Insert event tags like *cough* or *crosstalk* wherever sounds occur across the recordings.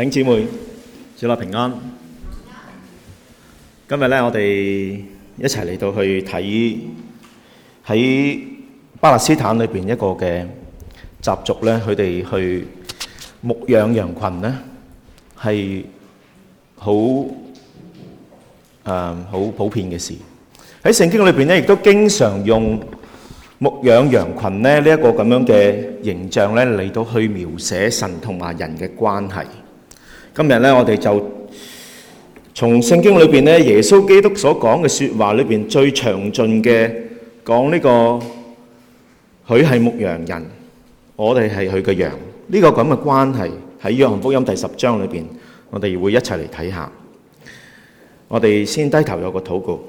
兄弟姐妹，祝你平安。今日咧，我哋一齊嚟到去睇喺巴勒斯坦裏邊一個嘅習俗咧，佢哋去牧養羊群咧，係好誒好普遍嘅事。喺聖經裏邊咧，亦都經常用牧養羊群咧呢一個咁樣嘅形象咧嚟到去描寫神同埋人嘅關係。今日咧，我哋就從聖經裏邊咧，耶穌基督所講嘅說話裏邊最詳盡嘅講呢個，佢係牧羊人，我哋係佢嘅羊，呢個咁嘅關係喺約翰福音第十章裏邊，我哋會一齊嚟睇下。我哋先低頭有個禱告。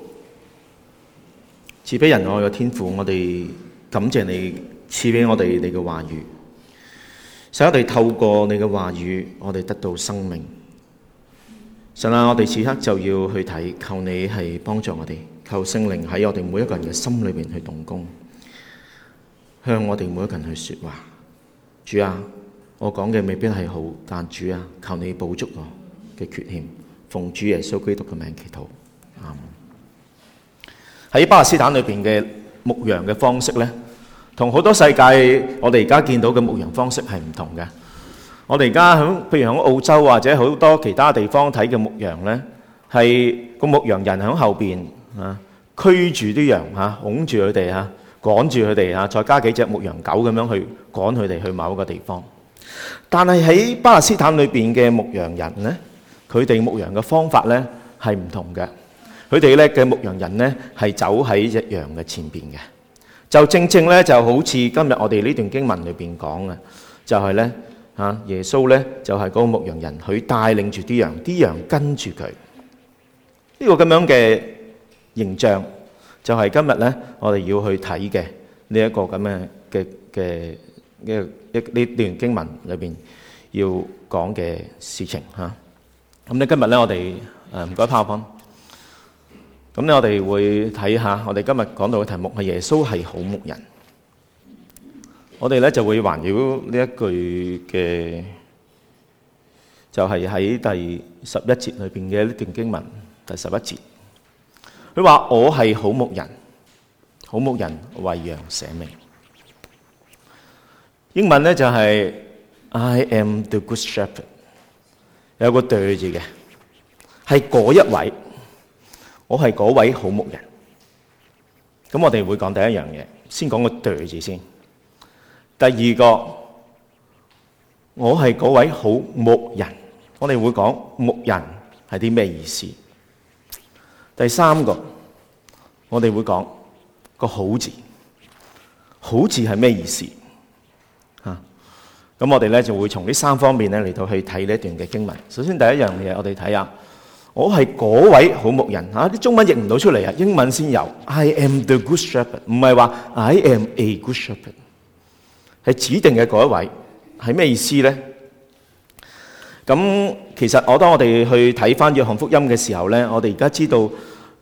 賜俾仁愛嘅天父，我哋感謝你賜俾我哋你嘅話語。神我哋透過你嘅話語，我哋得到生命。神啊，我哋此刻就要去睇，求你係幫助我哋，求聖靈喺我哋每一個人嘅心裏邊去動工，向我哋每一個人去說話。主啊，我講嘅未必係好，但主啊，求你補足我嘅缺陷。奉主耶穌基督嘅名祈禱。阿們。喺巴勒斯坦裏邊嘅牧羊嘅方式咧？同好多世界，我哋而家見到嘅牧羊方式係唔同嘅。我哋而家響，譬如響澳洲或者好多其他地方睇嘅牧羊呢，係個牧羊人響後邊啊，驅住啲羊吓，拱住佢哋吓，趕住佢哋吓，再加幾隻牧羊狗咁樣去趕佢哋去某一個地方。但係喺巴勒斯坦裏邊嘅牧羊人呢，佢哋牧羊嘅方法呢係唔同嘅。佢哋呢嘅牧羊人呢係走喺隻羊嘅前邊嘅。就正正咧，就好似今日我哋呢段經文裏邊講嘅，就係、是、咧，啊耶穌咧就係、是、嗰個牧羊人，佢帶領住啲羊，啲羊跟住佢。呢、這個咁樣嘅形象，就係、是、今日咧我哋要去睇嘅呢一個咁嘅嘅嘅一一呢段經文裏邊要講嘅事情吓。咁你今日咧我哋誒唔該，阿濤哥。謝謝咁咧，我哋會睇下，我哋今日講到嘅題目係耶穌係好牧人。我哋咧就會環繞呢一句嘅，就係喺第十一節裏邊嘅一段經文，第十一節。佢話我係好牧人，好牧人為羊捨命。英文咧就係 I am the good shepherd。有個對住嘅，係嗰一位。我係嗰位好牧人。咁我哋會講第一樣嘢，先講個對字先。第二個，我係嗰位好牧人。我哋會講牧人係啲咩意思。第三個，我哋會講個好字，好字係咩意思？吓，咁我哋咧就會從呢三方面咧嚟到去睇呢一段嘅經文。首先第一樣嘢，我哋睇下。我係嗰位好牧人嚇，啲、啊、中文譯唔到出嚟啊！英文先有，I am the good shepherd，唔係話 I am a good shepherd，係指定嘅嗰一位，係咩意思咧？咁其實我當我哋去睇翻約翰福音嘅時候咧，我哋而家知道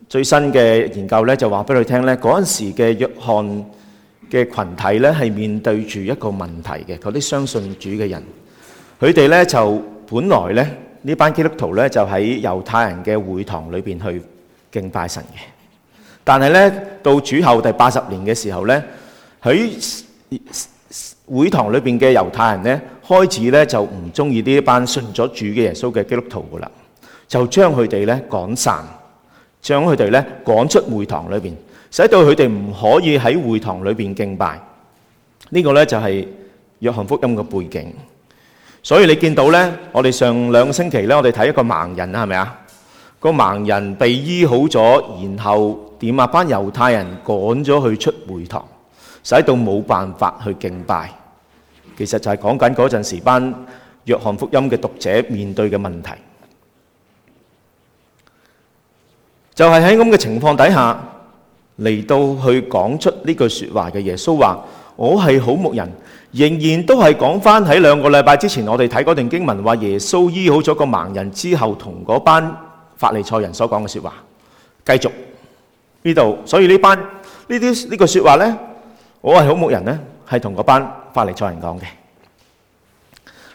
最新嘅研究咧，就話俾佢聽咧，嗰陣時嘅約翰嘅群體咧，係面對住一個問題嘅，嗰啲相信主嘅人，佢哋咧就本來咧。呢班基督徒咧就喺猶太人嘅會堂裏邊去敬拜神嘅，但係咧到主後第八十年嘅時候咧，喺會堂裏邊嘅猶太人咧開始咧就唔中意呢一班信咗主嘅耶穌嘅基督徒噶啦，就將佢哋咧趕散，將佢哋咧趕出會堂裏邊，使到佢哋唔可以喺會堂裏邊敬拜。呢個咧就係約翰福音嘅背景。所以你見到呢，我哋上兩個星期呢，我哋睇一個盲人啦，係咪啊？個盲人被醫好咗，然後點啊？班猶太人趕咗去出會堂，使到冇辦法去敬拜。其實就係講緊嗰陣時班約翰福音嘅讀者面對嘅問題，就係喺咁嘅情況底下嚟到去講出呢句説話嘅耶穌話：我係好牧人。仍然都係講翻喺兩個禮拜之前，我哋睇嗰段經文，話耶穌醫好咗個盲人之後，同嗰班法利賽人所講嘅説話。繼續呢度，所以呢班呢啲呢個説話咧，我係好牧人咧，係同嗰班法利賽人講嘅。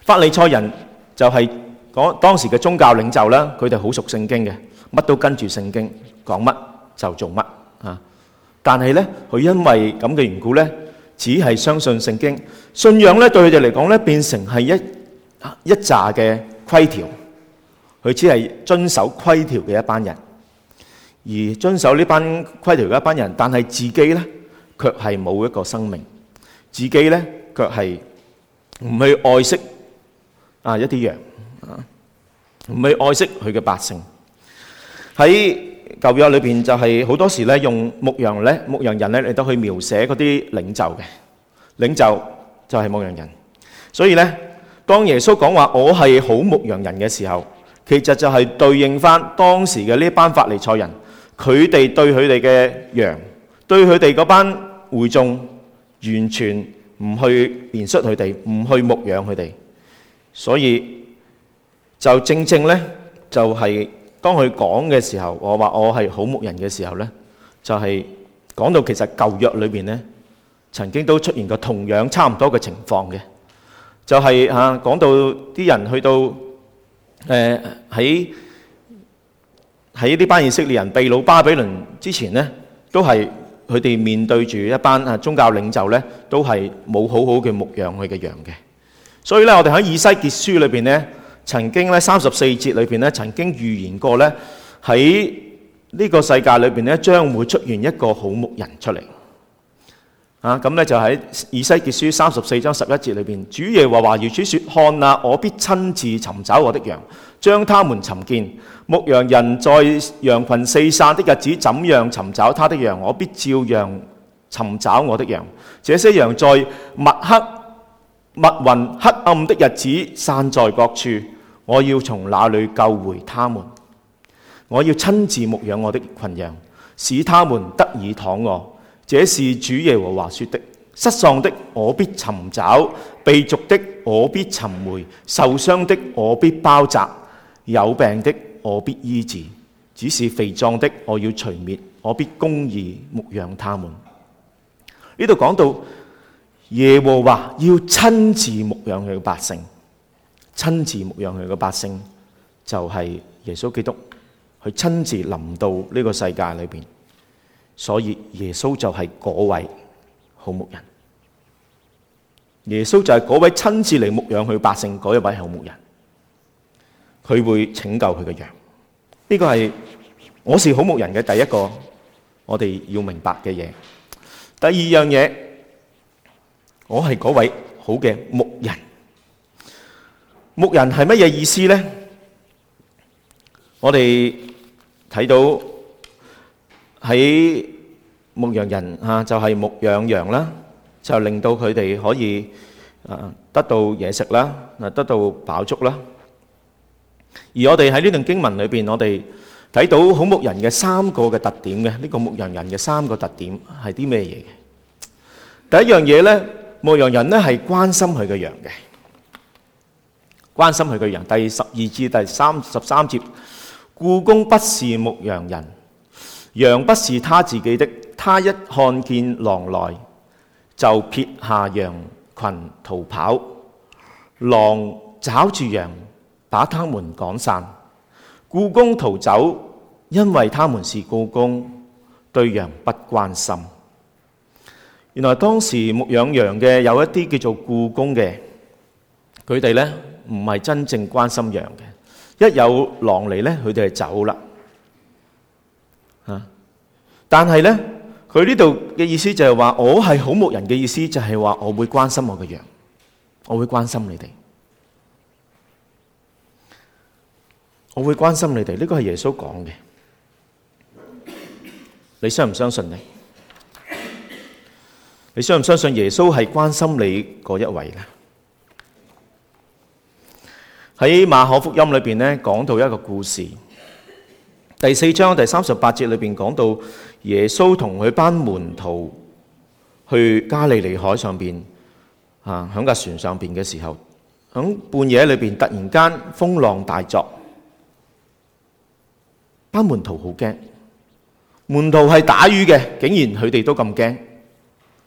法利賽人就係講當時嘅宗教領袖啦，佢哋好熟聖經嘅，乜都跟住聖經講乜就做乜啊。但係咧，佢因為咁嘅緣故咧。只係相信聖經，信仰咧對佢哋嚟講咧，變成係一一紮嘅規條，佢只係遵守規條嘅一班人，而遵守呢班規條嘅一班人，但係自己咧卻係冇一個生命，自己咧卻係唔去愛惜啊一啲羊，唔去愛惜佢嘅百姓，係。舊約裏邊就係好多時咧用牧羊咧牧羊人咧嚟到去描寫嗰啲領袖嘅領袖就係牧羊人，所以咧當耶穌講話我係好牧羊人嘅時候，其實就係對應翻當時嘅呢班法利賽人，佢哋對佢哋嘅羊，對佢哋嗰班會眾，完全唔去憐恤佢哋，唔去牧養佢哋，所以就正正咧就係。當佢講嘅時候，我話我係好牧人嘅時候呢，就係講到其實舊約裏邊呢，曾經都出現過同樣差唔多嘅情況嘅，就係啊講到啲人去到誒喺喺呢班以色列人被擄巴比倫之前呢，都係佢哋面對住一班啊宗教領袖呢，都係冇好好嘅牧養佢嘅羊嘅。所以呢，我哋喺以西結書裏邊呢。曾經咧三十四節裏邊咧，曾經預言過咧，喺呢個世界裏邊咧，將會出現一個好牧人出嚟啊。咁咧，就喺以西結書三十四章十一節裏邊，主耶和華話如此説，看啊，我必親自尋找我的羊，將他們尋見。牧羊人在羊群四散的日子怎樣尋找他的羊，我必照樣尋找我的羊，這些羊在密克。密雲黑暗的日子散在各處，我要從那裏救回他們。我要親自牧養我的群羊，使他們得以躺臥。這是主耶和華說的：失喪的我必尋找，被逐的我必尋回，受傷的，我必，受傷的我必包紮，有病的我必醫治。只是肥壯的我要除滅，我必公義牧養他們。呢度講到。耶和華要親自牧養佢嘅百姓，親自牧養佢嘅百姓就係耶穌基督佢親自臨到呢個世界裏邊，所以耶穌就係嗰位好牧人，耶穌就係嗰位親自嚟牧養佢嘅百姓嗰一位好牧人，佢會拯救佢嘅羊。呢個係我是好牧人嘅第一個，我哋要明白嘅嘢。第二樣嘢。我係嗰位好嘅牧人，牧人係乜嘢意思呢？我哋睇到喺牧羊人吓，就係牧養羊啦，就令到佢哋可以啊得到嘢食啦，啊得到飽足啦。而我哋喺呢段經文裏邊，我哋睇到好牧人嘅三個嘅特點嘅，呢個牧羊人嘅三個特點係啲咩嘢？第一樣嘢呢。牧羊人呢，係關心佢嘅羊嘅，關心佢嘅羊。第十二至第十三節，雇工不是牧羊人，羊不是他自己的。他一看見狼來，就撇下羊群逃跑。狼找住羊，把牠們趕散。雇工逃走，因為牠們是雇工，對羊不關心。原來當時牧養羊嘅有一啲叫做僱工嘅，佢哋咧唔係真正關心羊嘅，一有狼嚟咧，佢哋就走啦。吓！但係咧，佢呢度嘅意思就係話，我係好牧人嘅意思就係話，我會關心我嘅羊，我會關心你哋，我會關心你哋。呢個係耶穌講嘅，你相唔相信呢？你相唔相信耶穌係關心你嗰一位咧？喺馬可福音裏面咧，講到一個故事，第四章第三十八節裏面講到耶穌同佢班門徒去加利利海上邊啊，喺架船上邊嘅時候，喺半夜裏面突然間風浪大作，班門徒好驚，門徒係打魚嘅，竟然佢哋都咁驚。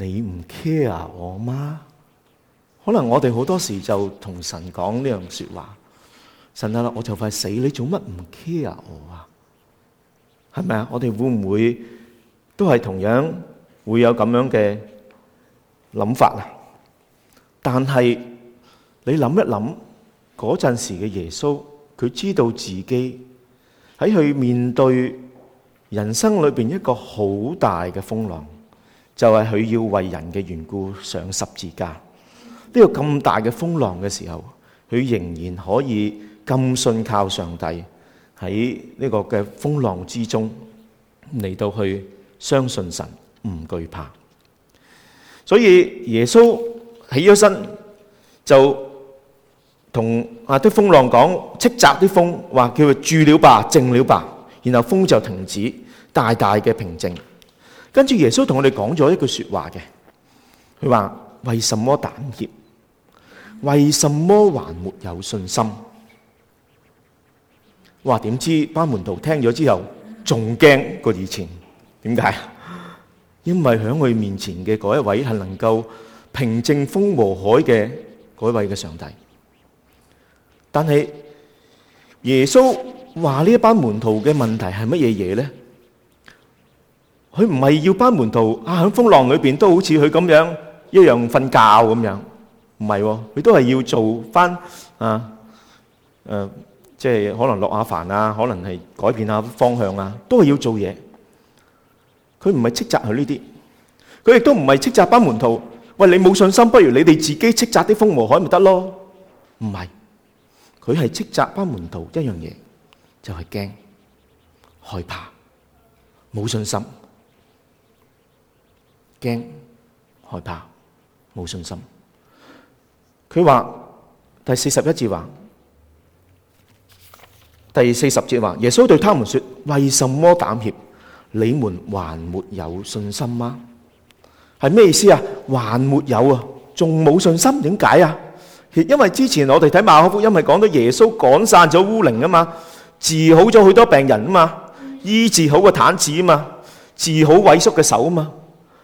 你唔 care 我嗎？可能我哋好多時就同神講呢樣說話，神啊，我就快死，你做乜唔 care 我啊？係咪啊？我哋會唔會都係同樣會有咁樣嘅諗法啊？但係你諗一諗嗰陣時嘅耶穌，佢知道自己喺佢面對人生裏面一個好大嘅風浪。就係佢要為人嘅緣故上十字架，呢個咁大嘅風浪嘅時候，佢仍然可以咁信靠上帝喺呢個嘅風浪之中嚟到去相信神唔懼怕。所以耶穌起咗身就同啊啲風浪講斥責啲風，話叫佢住了吧，靜了吧，然後風就停止，大大嘅平靜。跟住耶穌同我哋講咗一句說話嘅，佢話：為什麼膽怯？為什麼還沒有信心？哇！點知班門徒聽咗之後，仲驚過以前？點解？因為喺佢面前嘅嗰一位係能夠平靜風和海嘅嗰位嘅上帝。但係耶穌話呢一班門徒嘅問題係乜嘢嘢咧？佢唔係要班門徒啊！喺風浪裏邊都好似佢咁樣，一樣瞓覺咁樣，唔係喎，佢都係要做翻，啊，誒，即係可能落下帆啊，可能係改變下方向啊，都係要做嘢。佢唔係斥責佢呢啲，佢亦都唔係斥責班門徒。喂，你冇信心，不如你哋自己斥責啲風和海咪得咯？唔係，佢係斥責班門徒一樣嘢，就係驚害怕、冇信心。驚害怕冇信心。佢話第四十一節話第四十節話，耶穌對他們說：為什麼膽怯？你們還沒有信心嗎？係咩意思啊？還沒有啊？仲冇信心？點解啊？因為之前我哋睇馬可福音，咪講到耶穌趕散咗污靈啊嘛，治好咗好多病人啊嘛，醫治好個癱子啊嘛，治好萎縮嘅手啊嘛。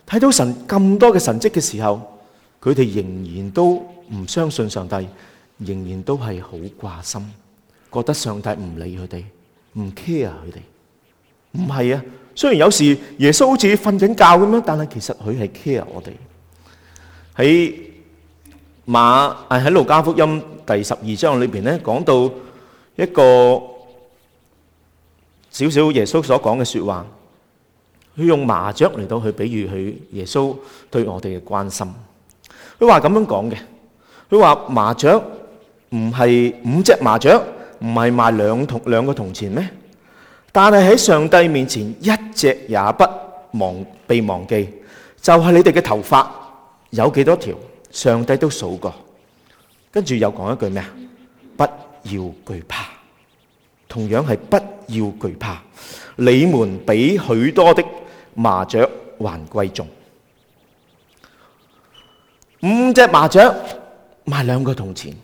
睇到神咁多嘅神迹嘅時候，佢哋仍然都唔相信上帝，仍然都係好掛心，覺得上帝唔理佢哋，唔 care 佢哋。唔係啊，雖然有時耶穌好似瞓緊覺咁樣，但係其實佢係 care 我哋。喺馬喺路加福音第十二章裏邊咧，講到一個少少耶穌所講嘅說話。佢用麻雀嚟到去比喻佢耶穌對我哋嘅關心。佢話咁樣講嘅，佢話麻雀，唔係五隻麻雀，唔係賣兩銅兩個銅錢咩？但係喺上帝面前一隻也不忘被忘記，就係你哋嘅頭髮有幾多條，上帝都數過。跟住又講一句咩啊？不要懼怕，同樣係不要懼怕。你們比許多的麻雀還貴重，五隻麻雀賣兩個銅錢。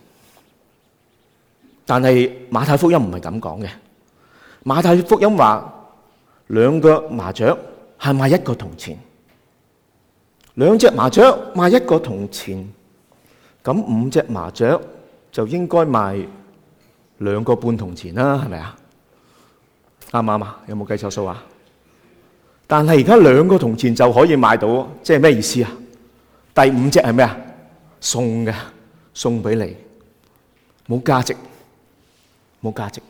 但係馬太福音唔係咁講嘅，馬太福音話兩個麻雀係賣一個銅錢，兩隻麻雀賣一個銅錢，咁五隻麻雀就應該賣兩個半銅錢啦，係咪啊？啱唔啱啊？有冇計錯數啊？但係而家兩個銅錢就可以買到，即係咩意思啊？第五隻係咩啊？送嘅，送俾你，冇價值，冇價值。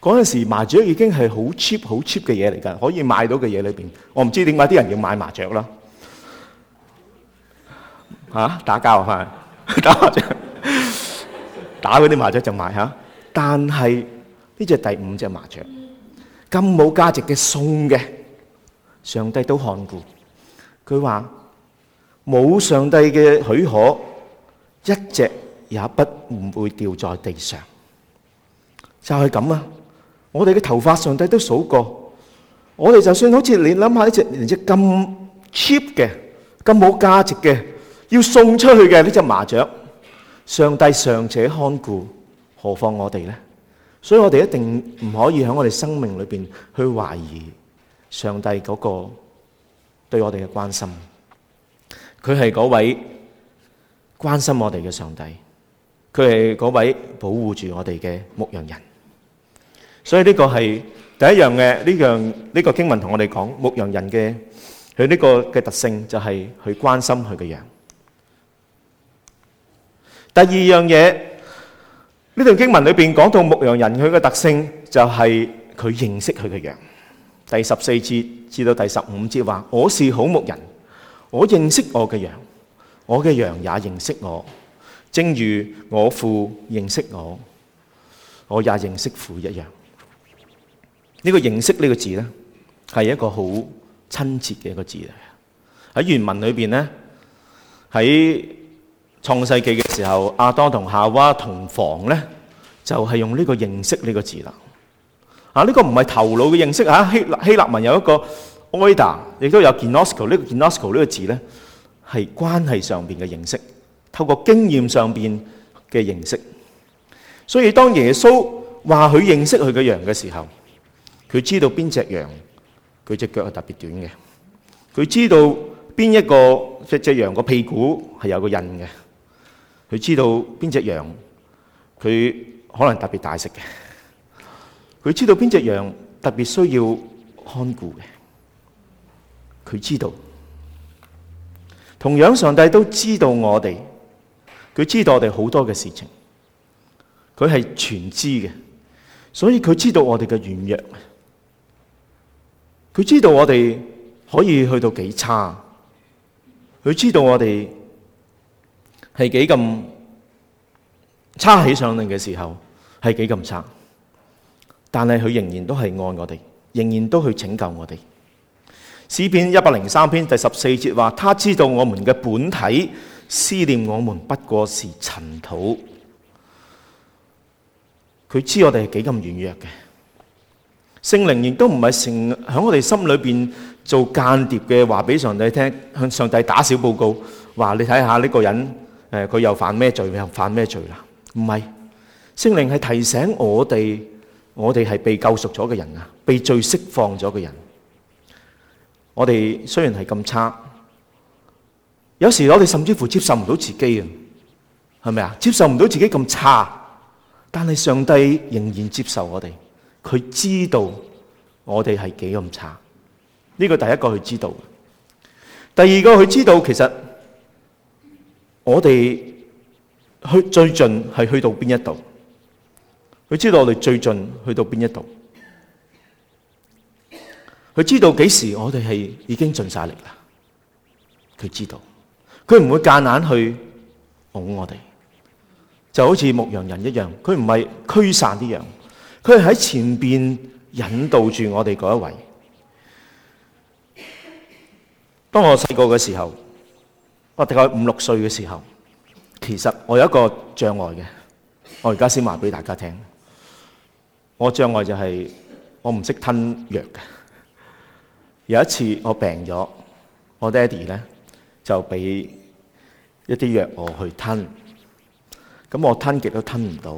嗰陣時麻雀已經係好 cheap、好 cheap 嘅嘢嚟㗎，可以買到嘅嘢裏邊，我唔知點解啲人要買麻雀啦。嚇、啊，打交係咪？打麻雀， *laughs* 打嗰啲麻雀就買嚇、啊。但係呢隻第五隻麻雀咁冇價值嘅送嘅。上帝都看顧，佢話，冇上帝嘅許可，一隻也不唔會掉在地上。就係咁啊！我哋嘅頭髮，上帝都數過。我哋就算好似你諗下呢隻，連隻咁 cheap 嘅，咁冇價值嘅，要送出去嘅呢隻麻雀，上帝尚且看顧，何況我哋咧？所以我哋一定唔可以喺我哋生命裏邊去懷疑。上帝嗰個對我哋嘅關心，佢係嗰位關心我哋嘅上帝，佢係嗰位保護住我哋嘅牧羊人。所以呢個係第一樣嘅，呢樣呢個經文同我哋講牧羊人嘅佢呢個嘅特性就係佢關心佢嘅羊。第二樣嘢，呢段經文裏面講到牧羊人佢嘅特性就係佢認識佢嘅羊。第十四節至到第十五節話：我是好牧人，我認識我嘅羊，我嘅羊也認識我，正如我父認識我，我也認識父一樣。呢、這個認識呢、這個字呢，係一個好親切嘅一個字嚟。喺原文裏邊呢，喺創世記嘅時候，亞當同夏娃同房呢，就係、是、用呢、這個認識呢、這個字啦。啊！呢個唔係頭腦嘅認識嚇，希希臘文有一個 oida，亦都有 ginosko。呢個 ginosko 呢個字咧，係關係上面嘅認識，透過經驗上面嘅認識。所以當耶穌話佢認識佢嘅羊嘅時候，佢知道邊隻羊佢隻腳係特別短嘅，佢知道邊一個隻隻羊個屁股係有個印嘅，佢知道邊隻羊佢可能特別大食嘅。佢知道邊隻羊特別需要看顧嘅，佢知道。同樣上帝都知道我哋，佢知道我哋好多嘅事情，佢係全知嘅，所以佢知道我哋嘅軟弱，佢知道我哋可以去到幾差，佢知道我哋係幾咁差起上嚟嘅時候，係幾咁差。但係佢仍然都係愛我哋，仍然都去拯救我哋。詩篇一百零三篇第十四節話：他知道我們嘅本體思念我們不過是塵土，佢知我哋係幾咁軟弱嘅。聖靈亦都唔係成日喺我哋心裏邊做間諜嘅，話俾上帝聽，向上帝打小報告，話你睇下呢個人誒，佢又犯咩罪，又犯咩罪啦？唔係聖靈係提醒我哋。我哋係被救贖咗嘅人啊，被罪釋放咗嘅人。我哋雖然係咁差，有時我哋甚至乎接受唔到自己啊，係咪啊？接受唔到自己咁差，但係上帝仍然接受我哋。佢知道我哋係幾咁差，呢個第一個佢知道嘅。第二個佢知道，其實我哋去最盡係去到邊一度。.佢知道我哋最近去到邊一度，佢知道幾時我哋係已經盡晒力啦。佢知道，佢唔會夾硬去哄我哋，就好似牧羊人一樣。佢唔係驅散啲羊，佢係喺前邊引導住我哋嗰一位。當我細個嘅時候，我大概五六歲嘅時候，其實我有一個障礙嘅，我而家先話俾大家聽。我障礙就係我唔識吞藥嘅。 *laughs* 有一次我病咗，我爹哋咧就俾一啲藥我去吞，咁我吞極都吞唔到。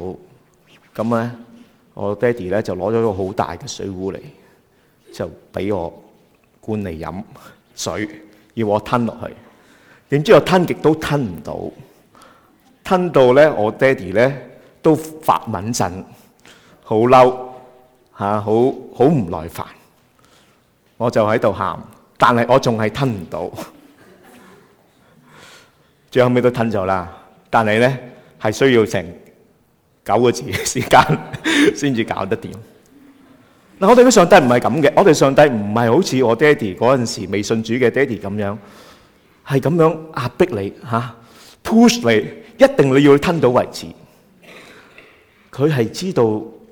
咁咧我爹哋咧就攞咗個好大嘅水壺嚟，就俾我灌嚟飲水，要我吞落去。點知我吞極都吞唔到，吞到咧我爹哋咧都發盟憎。好嬲嚇，好好唔耐煩，我就喺度喊，但係我仲係吞唔到，最後尾都吞咗啦。但係咧係需要成九個字嘅時間先至搞得掂。嗱，我哋嘅上帝唔係咁嘅，我哋上帝唔係好似我爹哋嗰陣時未信主嘅爹哋咁樣，係咁樣壓迫你嚇，啊，push 你，一定你要吞到為止。佢係知道。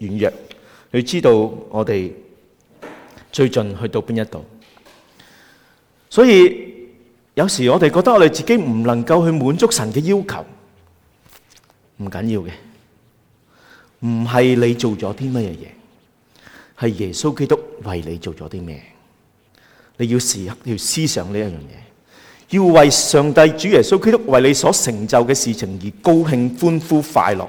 軟弱，你知道我哋最近去到邊一度？所以有時我哋覺得我哋自己唔能夠去滿足神嘅要求，唔緊要嘅，唔係你做咗啲乜嘢嘢，係耶穌基督為你做咗啲咩？你要時刻要思想呢一樣嘢，要為上帝主耶穌基督為你所成就嘅事情而高興、歡呼、快樂。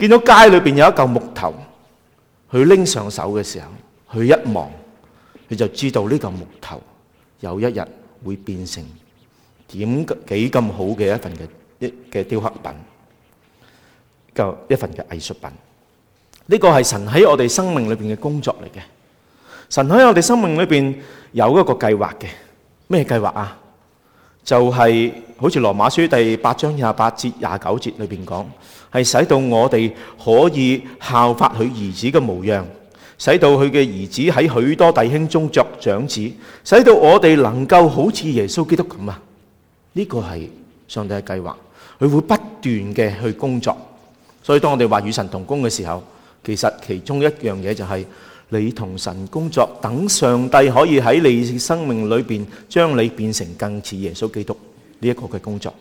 見到街裏邊有一嚿木頭，佢拎上手嘅時候，佢一望，佢就知道呢嚿木頭有一日會變成點幾咁好嘅一份嘅一嘅雕刻品、嘅一份嘅藝術品。呢個係神喺我哋生命裏邊嘅工作嚟嘅。神喺我哋生命裏邊有一個計劃嘅，咩計劃啊？就係、是、好似羅馬書第八章廿八節廿九節裏邊講，係使到我哋可以效法佢兒子嘅模樣，使到佢嘅兒子喺許多弟兄中作長子，使到我哋能夠好似耶穌基督咁啊！呢個係上帝嘅計劃，佢會不斷嘅去工作。所以當我哋話與神同工嘅時候，其實其中一樣嘢就係、是。你同神工作，等上帝可以喺你生命裏邊將你變成更似耶穌基督呢一個嘅工作。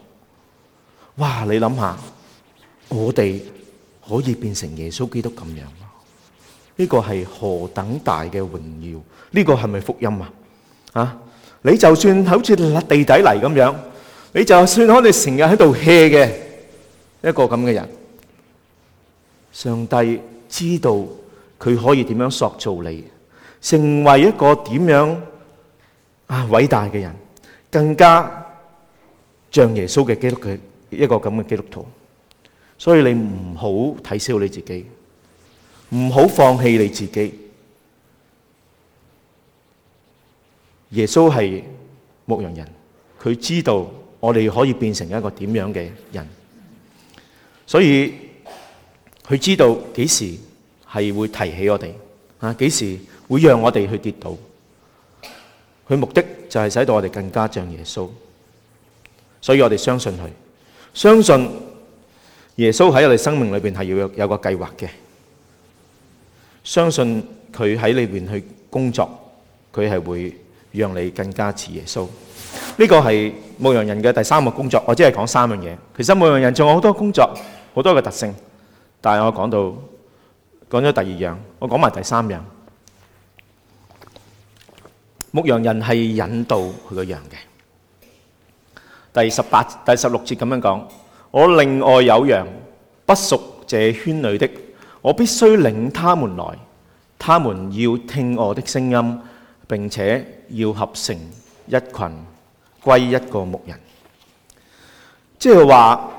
哇！你諗下，我哋可以變成耶穌基督咁樣，呢個係何等大嘅榮耀？呢個係咪福音啊？啊！你就算好似揦地底泥咁樣，你就算我哋成日喺度 hea 嘅一個咁嘅人，上帝知道。佢可以點樣塑造你，成為一個點樣啊偉大嘅人，更加像耶穌嘅基督徒一個咁嘅基督徒。所以你唔好睇小你自己，唔好放棄你自己。耶穌係牧羊人，佢知道我哋可以變成一個點樣嘅人，所以佢知道幾時。係會提起我哋，啊，幾時會讓我哋去跌倒？佢目的就係使到我哋更加像耶穌，所以我哋相信佢，相信耶穌喺我哋生命裏邊係要有有個計劃嘅，相信佢喺裏邊去工作，佢係會讓你更加似耶穌。呢個係牧羊人嘅第三個工作，我只係講三樣嘢。其實牧羊人仲有好多工作，好多嘅特性，但係我講到。講咗第二樣，我講埋第三樣。牧羊人係引導佢個羊嘅。第十八、第十六節咁樣講：我另外有羊不屬這圈裏的，我必須領他們來，他們要聽我的聲音，並且要合成一羣，歸一個牧人。即係話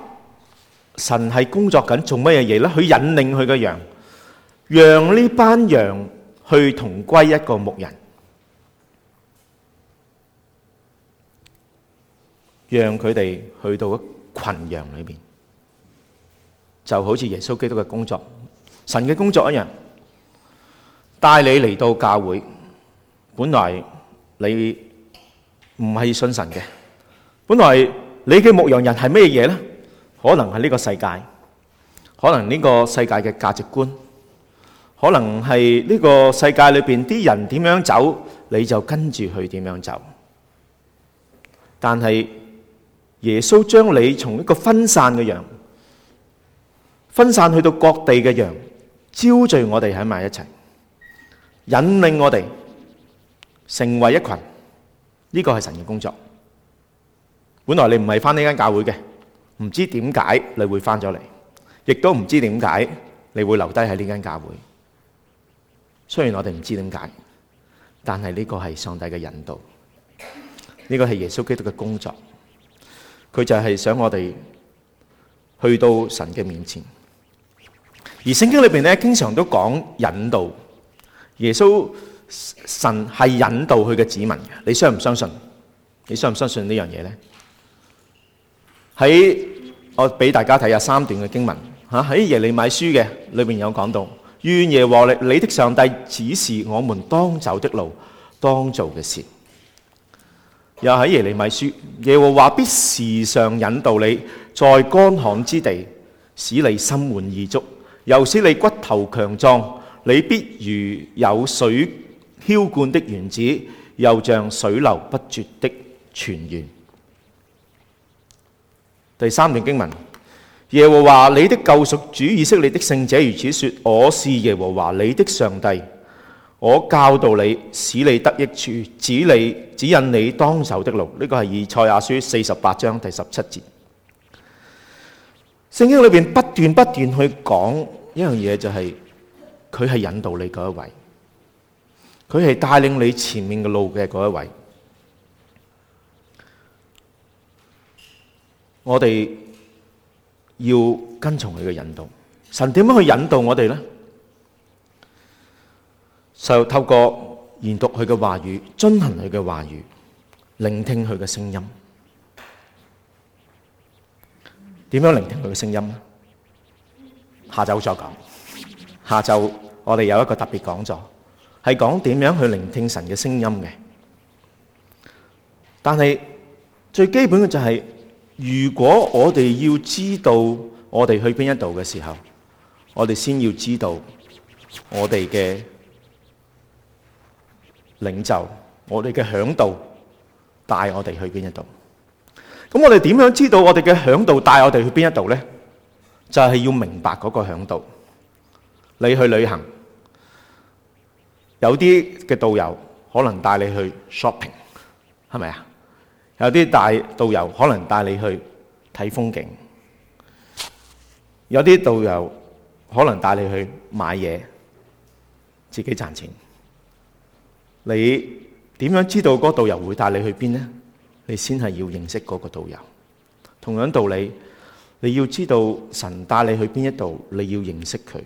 神係工作緊做乜嘢嘢呢？佢引領佢個羊。讓呢班羊去同歸一個牧人，讓佢哋去到群羊裏面，就好似耶穌基督嘅工作、神嘅工作一樣，帶你嚟到教會。本來你唔係信神嘅，本來你嘅牧羊人係咩嘢呢？可能係呢個世界，可能呢個世界嘅價值觀。可能係呢個世界裏邊啲人點樣走，你就跟住佢點樣走。但係耶穌將你從一個分散嘅羊，分散去到各地嘅羊，招聚我哋喺埋一齊，引領我哋成為一群。呢個係神嘅工作。本來你唔係翻呢間教會嘅，唔知點解你會翻咗嚟，亦都唔知點解你會留低喺呢間教會。雖然我哋唔知點解，但係呢個係上帝嘅引導，呢個係耶穌基督嘅工作，佢就係想我哋去到神嘅面前。而聖經裏邊咧，經常都講引導，耶穌神係引導佢嘅子民。你相唔相信？你相唔相信呢樣嘢咧？喺我俾大家睇下三段嘅經文，吓喺耶利米書嘅裏邊有講到。願耶和華，你的上帝指示我們當走的路，當做嘅事。又喺耶利米書，耶和華必時常引導你，在乾旱之地，使你心滿意足，又使你骨頭強壯。你必如有水澆灌的園子，又像水流不絕的泉源。第三段經文。耶和華你的救贖主，以色列的聖者如此說：我是耶和華你的上帝，我教導你，使你得益處，指你指引你當走的路。呢，這個係以賽亞書四十八章第十七節。聖經裏邊不斷不斷去講一樣嘢，就是，就係佢係引導你嗰一位，佢係帶領你前面嘅路嘅嗰一位。我哋。要跟從佢嘅引導，神點樣去引導我哋呢？就透過研讀佢嘅話語，遵行佢嘅話語，聆聽佢嘅聲音。點樣聆聽佢嘅聲音呢？下晝再講。下晝我哋有一個特別講座，係講點樣去聆聽神嘅聲音嘅。但係最基本嘅就係。如果我哋要知道我哋去邊一度嘅時候，我哋先要知道我哋嘅領袖，我哋嘅響度帶我哋去邊一度。咁我哋點樣知道我哋嘅響度帶我哋去邊一度咧？就係要明白嗰個響度。你去旅行，有啲嘅導遊可能帶你去 shopping，係咪啊？有啲大導遊可能帶你去睇風景，有啲導遊可能帶你去買嘢，自己賺錢。你點樣知道嗰導遊會帶你去邊呢？你先係要認識嗰個導遊。同樣道理，你要知道神帶你去邊一度，你要認識佢。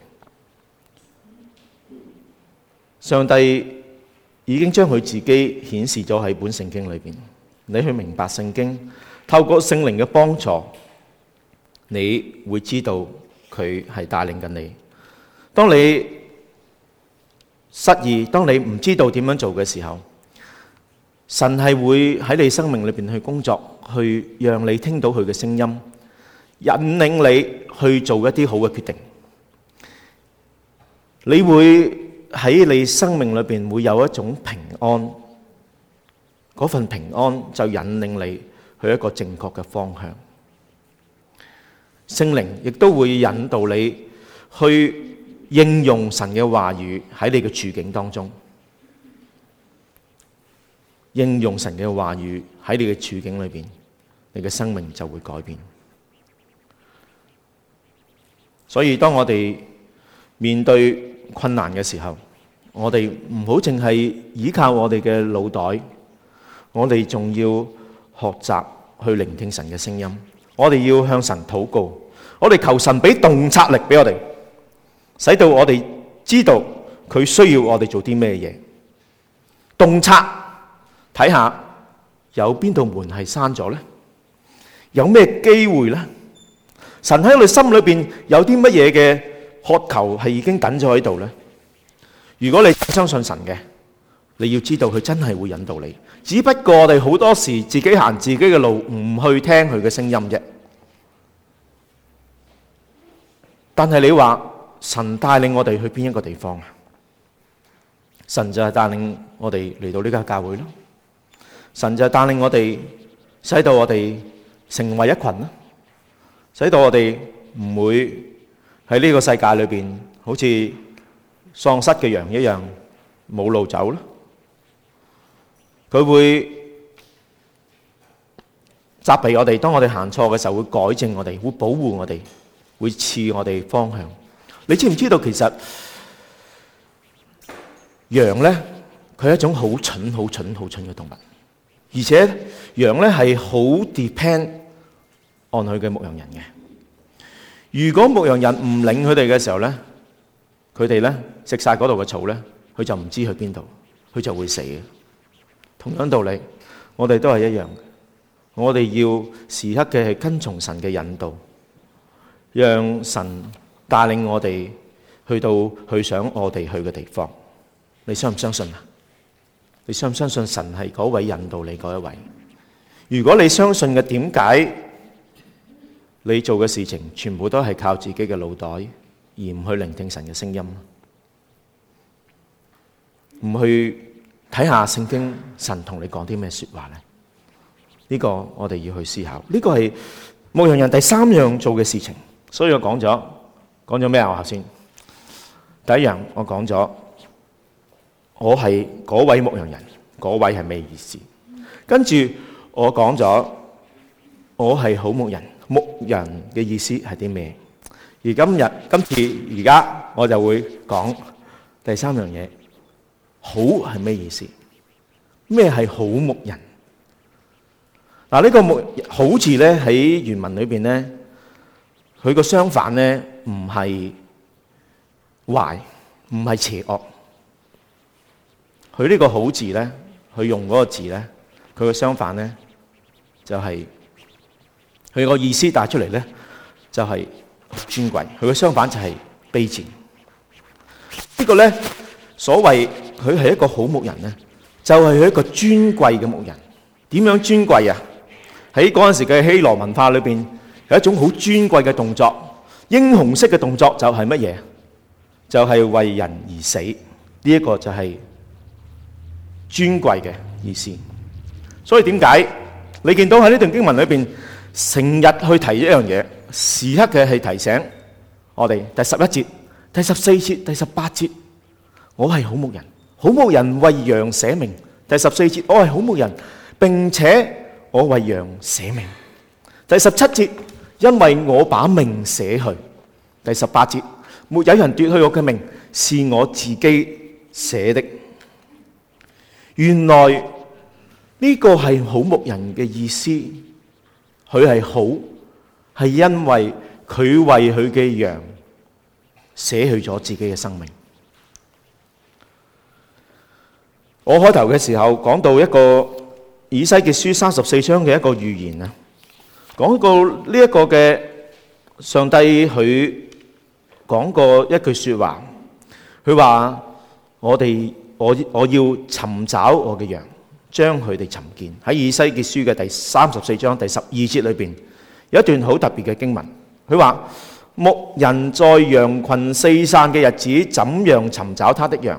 上帝已經將佢自己顯示咗喺本聖經裏邊。你去明白聖經，透過聖靈的幫助，你會知道佢係帶領緊你。當你失意，當你唔知道點樣做嘅時候，神係會喺你生命裏面去工作，去讓你聽到佢嘅聲音，引領你去做一啲好嘅決定。你會喺你生命裏面會有一種平安，嗰份平安就引領你去一個正確嘅方向，聖靈亦都會引導你去應用神嘅話語喺你嘅處境當中，應用神嘅話語喺你嘅處境裏邊，你嘅生命就會改變。所以當我哋面對困難嘅時候，我哋唔好淨係倚靠我哋嘅腦袋。我哋仲要學習去聆聽神嘅聲音，我哋要向神禱告，我哋求神俾洞察力俾我哋，使到我哋知道佢需要我哋做啲咩嘢。洞察睇下有邊度門係閂咗咧？有咩機會咧？神喺我哋心裏邊有啲乜嘢嘅渴求係已經緊咗喺度咧？如果你相信神嘅，你要知道佢真係會引導你，只不過我哋好多時自己行自己嘅路，唔去聽佢嘅聲音啫。但係你話神帶領我哋去邊一個地方啊？神就係帶領我哋嚟到呢間教會咯。神就係帶領我哋，使到我哋成為一群啦，使到我哋唔會喺呢個世界裏面好似喪失嘅羊一樣，冇路走咯。佢會責備我哋，當我哋行錯嘅時候，會改正我哋，會保護我哋，會賜我哋方向。你知唔知道其實羊咧，佢係一種好蠢、好蠢、好蠢嘅動物，而且羊咧係好 depend 按佢嘅牧羊人嘅。如果牧羊人唔領佢哋嘅時候咧，佢哋咧食晒嗰度嘅草咧，佢就唔知去邊度，佢就會死嘅。同樣道理，我哋都係一樣。我哋要時刻嘅係跟從神嘅引導，讓神帶領我哋去到佢想我哋去嘅地方。你相唔相信啊？你相唔相信神係嗰位引導你嗰一位？如果你相信嘅，點解你做嘅事情全部都係靠自己嘅腦袋，而唔去聆聽神嘅聲音？唔去。睇下聖經神同你講啲咩説話呢？呢個我哋要去思考。呢個係牧羊人第三樣做嘅事情。所以我講咗，講咗咩啊？我頭先第一樣，我講咗我係嗰位牧羊人，嗰位係咩意思？跟住我講咗我係好牧人，牧人嘅意思係啲咩？而今日今次而家我就會講第三樣嘢。好係咩意思？咩係好牧人？嗱，呢個木好字咧喺原文裏邊咧，佢個相反咧唔係壞，唔係邪惡。佢呢個好字咧，佢用嗰個字咧，佢個相反咧就係佢個意思帶出嚟咧，就係、是、尊貴。佢個相反就係卑賤。這個、呢個咧所謂。佢係一個好牧人呢，就係佢一個尊貴嘅牧人。點樣尊貴啊？喺嗰陣時嘅希羅文化裏邊，有一種好尊貴嘅動作，英雄式嘅動作就係乜嘢？就係為人而死。呢一個就係尊貴嘅意思。所以點解你見到喺呢段經文裏邊，成日去提一樣嘢，時刻嘅係提醒我哋第十一節、第十四節、第十八節，我係好牧人。好牧人為羊捨命，第十四節，我係好牧人，並且我為羊捨命。第十七節，因為我把命捨去。第十八節，沒有人奪去我嘅命，是我自己捨的。原來呢個係好牧人嘅意思，佢係好，係因為佢為佢嘅羊捨去咗自己嘅生命。我開頭嘅時候講到一個以西結書三十四章嘅一個預言啊，講到呢一個嘅上帝佢講過一句話說話，佢話我哋我我要尋找我嘅羊，將佢哋尋見。喺以西結書嘅第三十四章第十二節裏邊有一段好特別嘅經文，佢話牧人在羊群四散嘅日子，怎樣尋找他的羊？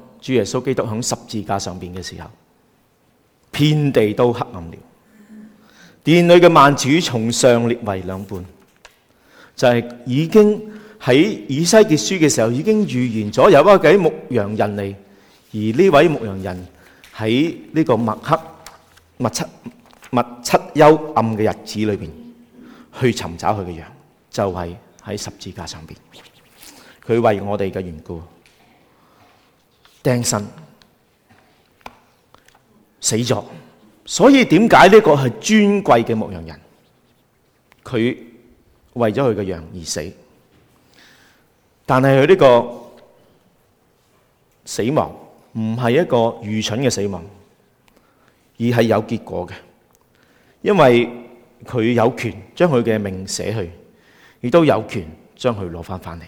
主耶穌基督喺十字架上邊嘅時候，遍地都黑暗了。殿裏嘅幔子從上裂為兩半，就係已經喺以西結書嘅時候已經預言咗有位牧羊人嚟，而呢位牧羊人喺呢個墨黑、墨漆、墨漆幽暗嘅日子裏邊去尋找佢嘅羊，就係喺十字架上邊，佢為我哋嘅緣故。掟身死咗，所以點解呢個係尊貴嘅牧羊人？佢為咗佢嘅羊而死，但係佢呢個死亡唔係一個愚蠢嘅死亡，而係有結果嘅，因為佢有權將佢嘅命捨去，亦都有權將佢攞返返嚟，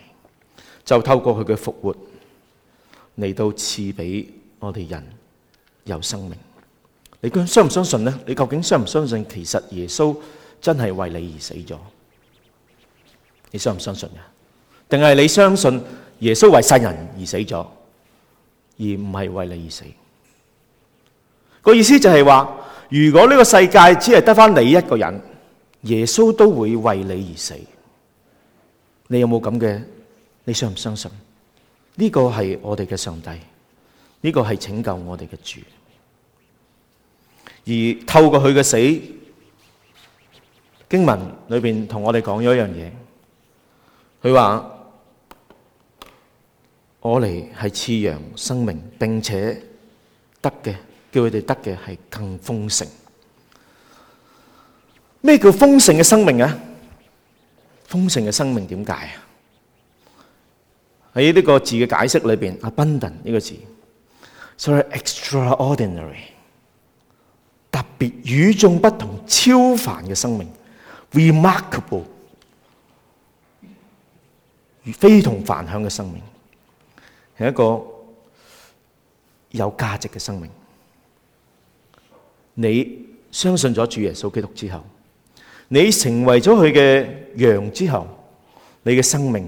就透過佢嘅復活。嚟到賜俾我哋人有生命，你究竟相唔相信呢？你究竟相唔相信？其實耶穌真係為你而死咗，你相唔相信啊？定係你相信耶穌為世人而死咗，而唔係為你而死？個意思就係話，如果呢個世界只係得翻你一個人，耶穌都會為你而死。你有冇咁嘅？你相唔相信？呢個係我哋嘅上帝，呢、這個係拯救我哋嘅主，而透過佢嘅死，經文裏面同我哋講咗一樣嘢，佢話，我嚟係賜羊生命，並且得嘅叫佢哋得嘅係更豐盛。咩叫豐盛嘅生命啊？豐盛嘅生命點解啊？喺呢個字嘅解釋裏邊，abundant 呢個字，所、so、以 extraordinary 特別與眾不同、超凡嘅生命，remarkable 非同凡響嘅生命，係一個有價值嘅生命。你相信咗主耶穌基督之後，你成為咗佢嘅羊之後，你嘅生命。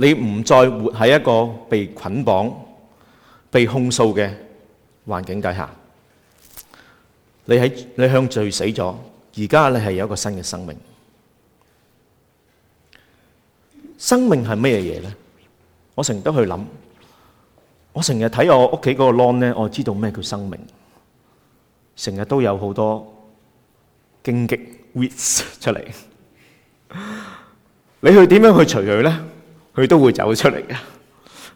你唔再活喺一個被捆綁、被控訴嘅環境底下，你喺你向罪死咗，而家你係有一個新嘅生命。生命係咩嘢咧？我成日都去諗，我成日睇我屋企嗰個籮咧，我知道咩叫生命。成日都有好多荊棘 hits 出嚟，你去點樣去除佢咧？佢都會走出嚟嘅，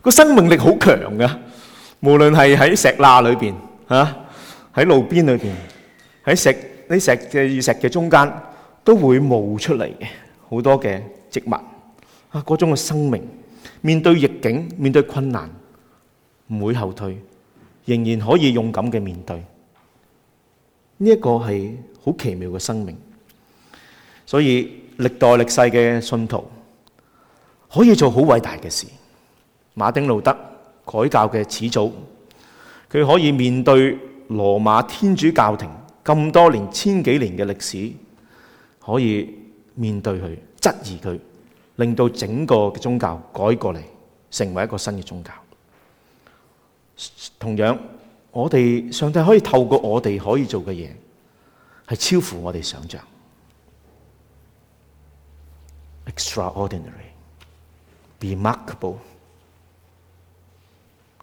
個生命力好強噶無論係喺石罅裏邊啊，喺路邊裏邊，喺石呢，石嘅與石嘅中間，都會冒出嚟嘅好多嘅植物啊！嗰種嘅生命面對逆境，面對困難，唔會後退，仍然可以勇敢嘅面對。呢一個係好奇妙嘅生命，所以歷代歷世嘅信徒。可以做好偉大嘅事。馬丁路德改教嘅始祖，佢可以面對羅馬天主教廷咁多年，千幾年嘅歷史，可以面對佢質疑佢，令到整個宗教改過嚟，成為一個新嘅宗教。同樣，我哋上帝可以透過我哋可以做嘅嘢，係超乎我哋想象，extraordinary。Extra Remarkable，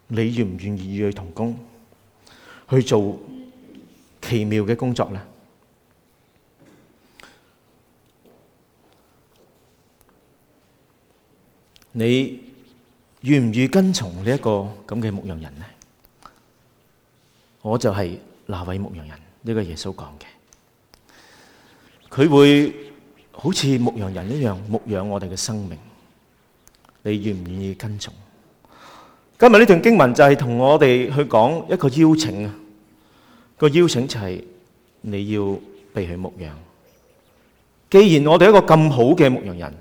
你願唔願意與佢同工，去做奇妙嘅工作呢？你願唔願跟從呢一個咁嘅牧羊人呢？我就係那位牧羊人，呢個耶穌講嘅，佢會好似牧羊人一樣牧養我哋嘅生命。你願唔願意跟從？今日呢段經文就係同我哋去講一個邀請啊，個邀請就係你要被佢牧養。既然我哋一個咁好嘅牧羊人，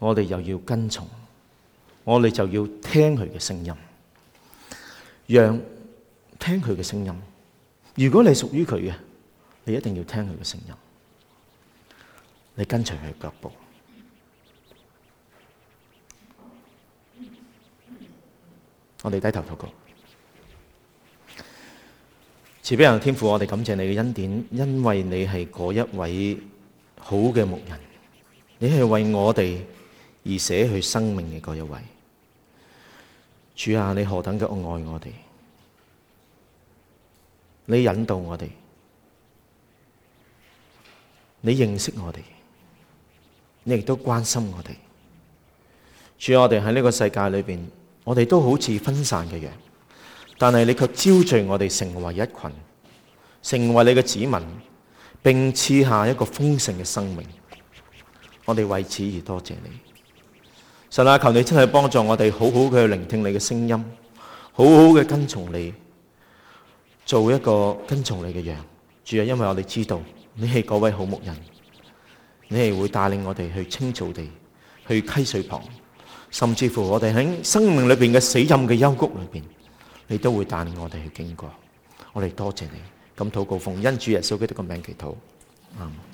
我哋又要跟從，我哋就要聽佢嘅聲音，讓聽佢嘅聲音。如果你屬於佢嘅，你一定要聽佢嘅聲音，你跟隨佢嘅腳步。我哋低頭禱告，慈悲人天父，我哋感謝你嘅恩典，因為你係嗰一位好嘅牧人，你係為我哋而捨去生命嘅嗰一位。主啊，你何等嘅愛我哋，你引導我哋，你認識我哋，你亦都關心我哋。主啊，我哋喺呢個世界裏面。我哋都好似分散嘅羊，但係你卻招聚我哋成為一群，成為你嘅子民，並賜下一個豐盛嘅生命。我哋為此而多謝、謝你，神啊！求你真係幫助我哋好好嘅聆聽你嘅聲音，好好嘅跟從你，做一個跟從你嘅羊。主要因為我哋知道你係嗰位好牧人，你係會帶領我哋去青草地，去溪水旁。甚至乎我哋喺生命裏邊嘅死蔭嘅幽谷裏面，你都會帶領我哋去經過。我哋多謝你，咁禱告奉恩主耶穌基督嘅名祈禱，Amen。